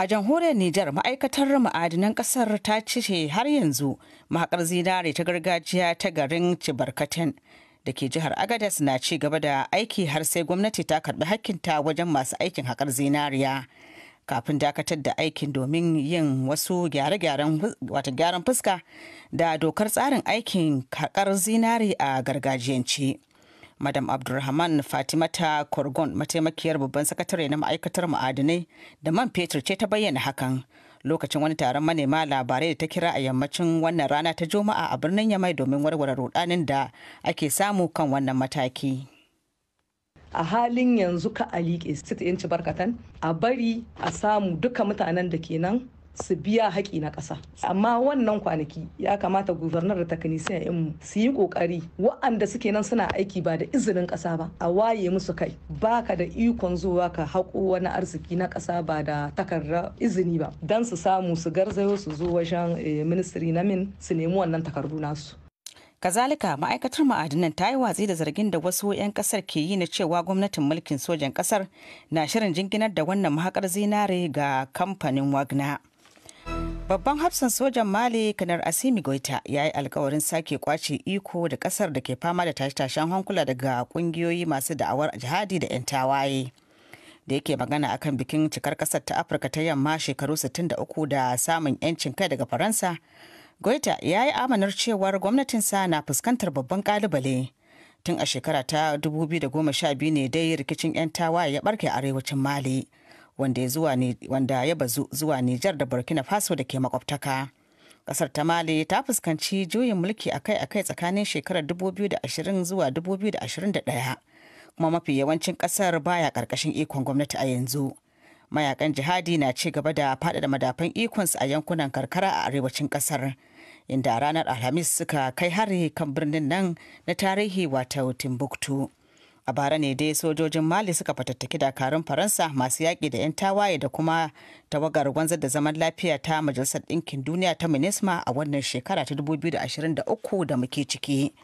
A jamhuriyar Nijar ma'aikatar ma'adinan kasar ta ce har yanzu mahakar zinare ta gargajiya ta garin Cibarkaten da ke jihar Agadez na ci gaba da aiki har sai gwamnati ta karbi hakkinta wajen masu aikin haƙar zinariya. kafin dakatar da aikin domin yin wasu gyare gyaran fuska da dokar tsarin aikin haƙar zinari a gargajiyance. madam abdulrahman fatimata korgon mataimakiyar babban sakatare na ma'aikatar ma'adinai da man fetur ce ta bayyana hakan lokacin wani taron manema labarai da ta kira a yammacin wannan rana ta juma'a a birnin yamai domin warware rudanin da ake samu kan wannan mataki a halin yanzu ka alike state yanci barkatan a bari a samu duka mutanen da ke nan su biya haƙi na ƙasa amma wannan kwanaki ya kamata gubernar da takanisiyan mu su yi ƙoƙari wa'anda suke nan suna aiki ba da izinin ƙasa ba a waye musu kai baka da ikon zuwa ka haƙo wani arziki na ƙasa ba da takarda izini ba don su samu su garzayo su zo wajen eh, ministry na min su nemi wannan takardu nasu kazalika ma'aikatar ma'adinan ta yi watsi da zargin da wasu 'yan kasar ke yi na cewa gwamnatin mulkin sojan kasar na shirin jinginar da wannan mahakar zinare ga kamfanin wagner Babban hafsan sojan Mali kanar Asimi Goita ya yi alkawarin sake kwace iko da kasar da ke fama da tashe-tashen hankula daga kungiyoyi masu da'awar jihadi da 'yan tawaye. Da yake magana akan bikin cikar kasar ta Afirka ta yamma shekaru 63 da samun 'yancin kai daga Faransa, Goita ya yi amanar cewar gwamnatinsa na fuskantar babban kalubale. Tun a shekara ta 2012 ne dai rikicin 'yan tawaye ya barke arewacin Mali. wanda ya bazu zuwa Nijar da Burkina Faso da ke makwabtaka. Kasar ta Mali ta fuskanci juyin mulki akai-akai tsakanin shekarar 2020 zuwa 2021 kuma mafi yawancin kasar baya karkashin ikon gwamnati a yanzu. Mayakan jihadi na ci gaba da faɗaɗa madafan ikonsu a yankunan karkara a arewacin kasar. inda ranar alhamis suka kai hari kan birnin nan na tarihi wata timbuktu a bara ne dai sojojin mali suka fatattaki dakarun faransa masu yaƙi da 'yan tawaye da kuma tawagar gwanzar da zaman lafiya ta majalisar ɗinkin duniya ta minisma a wannan shekara ta 2023 da muke ciki.